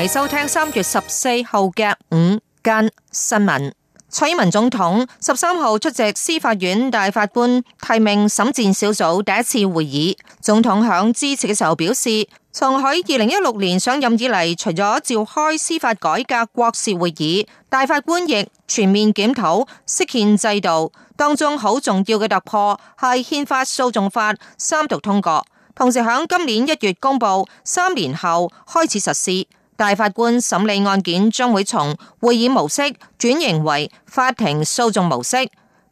嚟收聽三月十四號嘅午間新聞。蔡英文總統十三號出席司法院大法官提名審薦小組第一次會議。總統響致辭嘅時候表示，從喺二零一六年上任以嚟，除咗召開司法改革國事會議，大法官亦全面檢討釋憲制度。當中好重要嘅突破係憲法訴訟法三讀通過，同時響今年一月公布，三年後開始實施。大法官審理案件將會從會議模式轉型為法庭訴訟模式，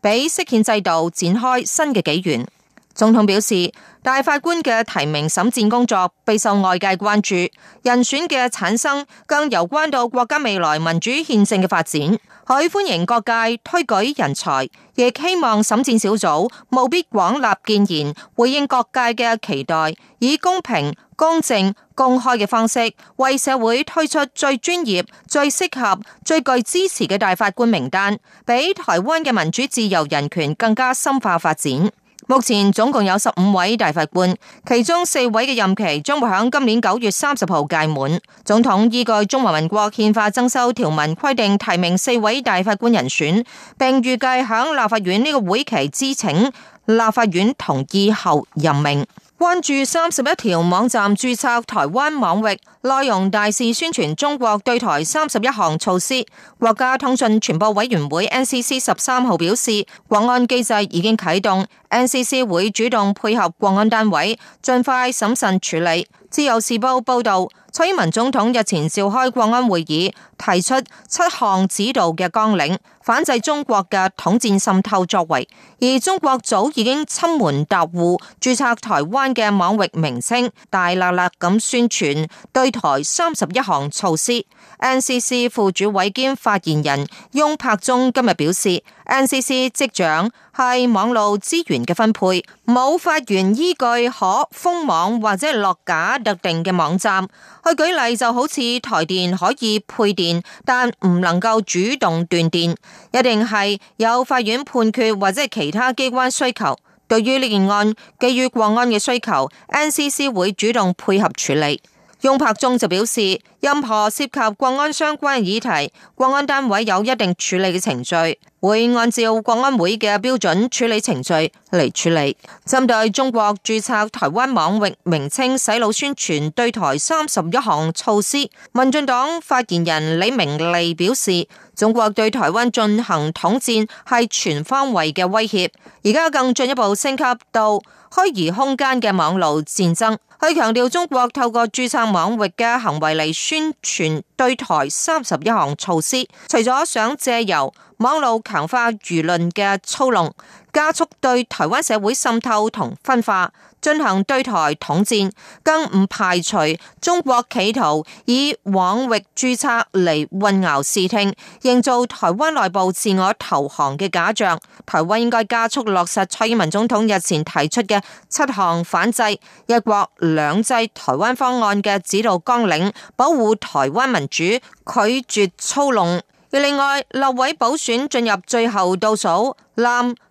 俾釋憲制度展開新嘅紀元。總統表示，大法官嘅提名審薦工作備受外界關注，人選嘅產生更有關到國家未來民主憲政嘅發展。佢歡迎各界推舉人才，亦希望審薦小組務必廣納建言，回應各界嘅期待，以公平。公正、公開嘅方式，為社會推出最專業、最適合、最具支持嘅大法官名單，俾台灣嘅民主、自由、人權更加深化發展。目前總共有十五位大法官，其中四位嘅任期將會喺今年九月三十號屆滿。總統依據《中華民國憲法增修條文》規定提名四位大法官人選，並預計喺立法院呢個會期咨請。立法院同意後任命。關注三十一條網站註冊台灣網域，內容大肆宣傳中國對台三十一項措施。國家通訊傳播委員會 NCC 十三號表示，國安機制已經啟動，NCC 會主動配合國安單位，盡快審慎處理。自由時報報道，蔡英文總統日前召開國安會議，提出七項指導嘅綱領。反制中國嘅統戰滲透作為，而中國早已經親門搭戶註冊台灣嘅網域名稱，大辣辣咁宣傳對台三十一項措施。NCC 副主委兼發言人翁柏宗今日表示，NCC 職長，係網路資源嘅分配，冇法源依據可封網或者落架特定嘅網站。去舉例就好似台電可以配電，但唔能夠主動斷電，一定係有法院判決或者其他機關需求。對於呢件案基於國安嘅需求，NCC 會主動配合處理。翁柏宗就表示，任何涉及國安相關嘅議題，國安單位有一定處理嘅程序。會按照國安會嘅標準處理程序嚟處理，針對中國注冊台灣網域名稱洗腦宣傳對台三十一項措施，民進黨發言人李明利表示，中國對台灣進行統戰係全方位嘅威脅，而家更進一步升級到虛擬空間嘅網路戰爭，佢強調中國透過注冊網域嘅行為嚟宣傳。對台三十一項措施，除咗想借由網路強化輿論嘅操弄，加速對台灣社會滲透同分化，進行對台統戰，更唔排除中國企圖以網域註冊嚟混淆視聽，營造台灣內部自我投降嘅假象。台灣應該加速落實蔡英文總統日前提出嘅七項反制一國兩制台灣方案嘅指導綱領，保護台灣民主，拒絕操弄。而另外立委補選進入最後倒數，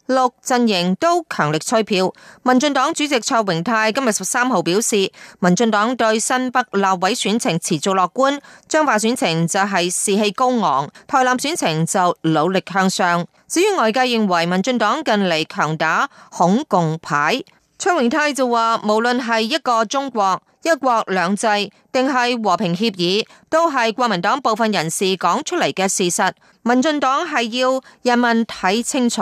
六陣營都強力吹票。民進黨主席蔡榮泰今日十三號表示，民進黨對新北立委選情持做樂觀，彰化選情就係士氣高昂，台南選情就努力向上。至於外界認為民進黨近嚟強打恐共牌，蔡榮泰就話，無論係一個中國、一國兩制，定係和平協議，都係國民黨部分人士講出嚟嘅事實。民進黨係要人民睇清楚。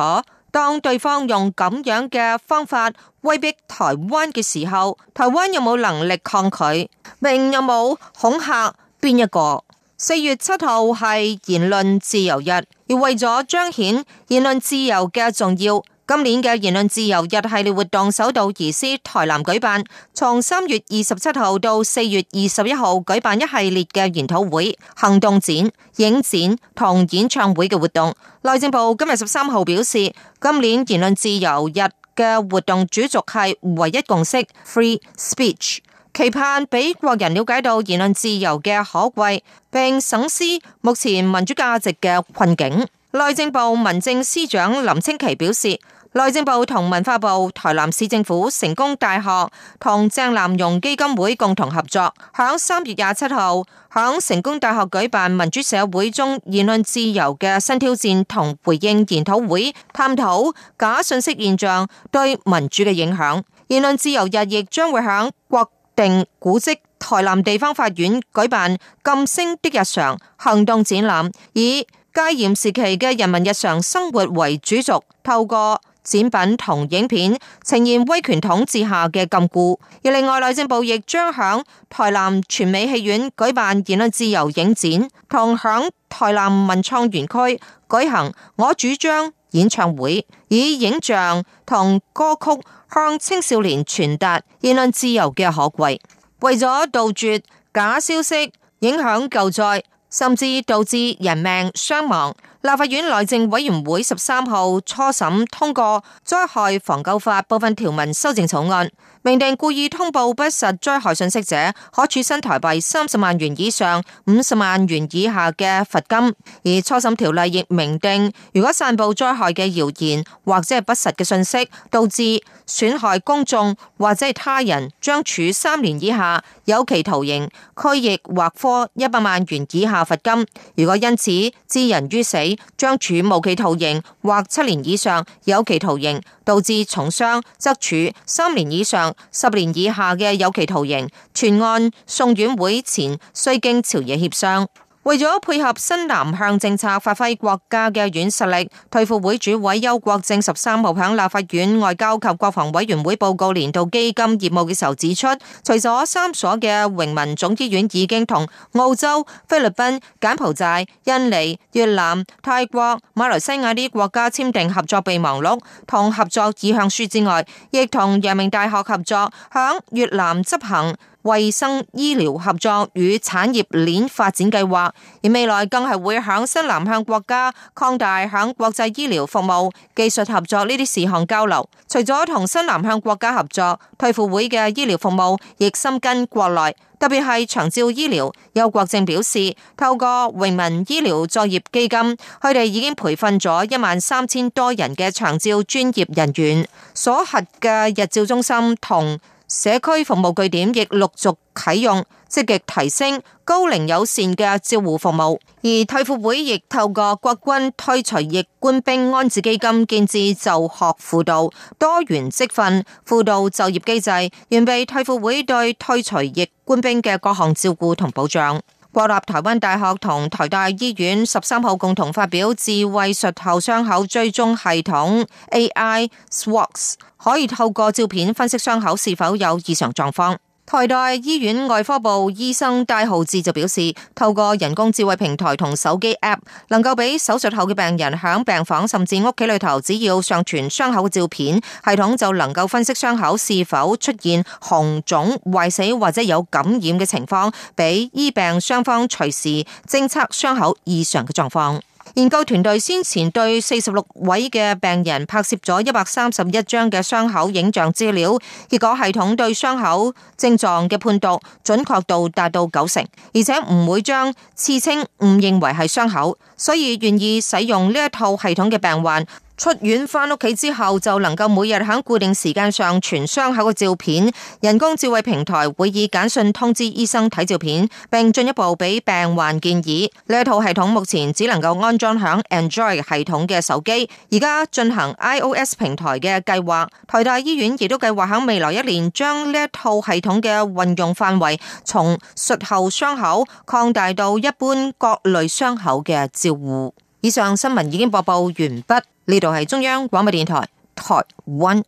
當對方用咁樣嘅方法威逼台灣嘅時候，台灣有冇能力抗拒？明有冇恐嚇邊一個？四月七號係言論自由日，而為咗彰顯言論自由嘅重要。今年嘅言論自由日系列活動首度移師台南舉辦，從三月二十七號到四月二十一號舉辦一系列嘅研討會、行動展、影展同演唱會嘅活動。內政部今日十三號表示，今年言論自由日嘅活動主軸係唯一共識 （free speech），期盼俾國人了解到言論自由嘅可貴，並省思目前民主價值嘅困境。內政部民政司長林清奇表示。內政部同文化部、台南市政府、成功大學同鄭南榕基金會共同合作，響三月廿七號響成功大學舉辦民主社會中言論自由嘅新挑戰同回應研討會，探討假信息現象對民主嘅影響。言論自由日亦將會響國定古蹟台南地方法院舉辦《禁聲的日常》行動展覽，以戒嚴時期嘅人民日常生活為主軸，透過展品同影片呈現威權統治下嘅禁錮，而另外內政部亦將響台南全美戲院舉辦言論自由影展，同響台南文創園區舉行我主張演唱會，以影像同歌曲向青少年傳達言論自由嘅可貴。為咗杜絕假消息影響救災，甚至導致人命傷亡。立法院內政委員會十三號初審通過災害防救法部分條文修正草案，明定故意通報不實災害信息者，可處新台幣三十萬元以上五十萬元以下嘅罰金。而初審條例亦明定，如果散布災害嘅謠言或者係不實嘅信息，導致損害公眾或者係他人，將處三年以下有期徒刑、拘役或科一百萬元以下罰金。如果因此致人於死，將處無期徒刑或七年以上有期徒刑；導致重傷則處三年以上十年以下嘅有期徒刑。全案送院會前，須經朝野協商。為咗配合新南向政策，發揮國家嘅軟實力，退輔會主委邱國正十三號響立法院外交及國防委員會報告年度基金業務嘅時候指出，除咗三所嘅榮民總醫院已經同澳洲、菲律賓、柬埔寨、印尼、越南、泰國、馬來西亞啲國家簽訂合作備忘錄同合作意向書之外，亦同陽明大學合作響越南執行。衛生醫療合作與產業鏈發展計劃，而未來更係會響新南向國家擴大響國際醫療服務技術合作呢啲事項交流。除咗同新南向國家合作，退輔會嘅醫療服務亦深耕國內，特別係長照醫療。邱國正表示，透過榮民醫療作業基金，佢哋已經培訓咗一萬三千多人嘅長照專業人員，所核嘅日照中心同。社區服務據點亦陸續啟用，積極提升高齡友善嘅照護服務。而退輔會亦透過國軍退除役官兵安置基金，建置就學輔導、多元積分輔導就業機制，完備退輔會對退除役官兵嘅各項照顧同保障。國立臺灣大學同台大醫院十三號共同發表智慧術後傷口追蹤系統 AI Swaps，可以透過照片分析傷口是否有異常狀況。台大醫院外科部醫生戴浩志就表示，透過人工智慧平台同手機 App，能夠俾手術後嘅病人響病房甚至屋企裏頭，只要上傳傷口嘅照片，系統就能夠分析傷口是否出現紅腫、壞死或者有感染嘅情況，俾醫病雙方隨時偵測傷口異常嘅狀況。研究團隊先前對四十六位嘅病人拍攝咗一百三十一張嘅傷口影像資料，結果系統對傷口症狀嘅判讀準確度達到九成，而且唔會將刺青誤認為係傷口，所以願意使用呢一套系統嘅病患，出院返屋企之後就能夠每日喺固定時間上傳傷口嘅照片，人工智慧平台會以簡訊通知醫生睇照片，並進一步俾病患建議。呢一套系統目前只能夠安裝響 Android 系統嘅手機，而家進行 iOS 平台嘅計劃。台大醫院亦都計劃喺未來一年將呢一套系統嘅運用範圍從術後傷口擴大到一般各類傷口嘅照護。以上新聞已經播報完畢，呢度係中央廣播電台，台灣。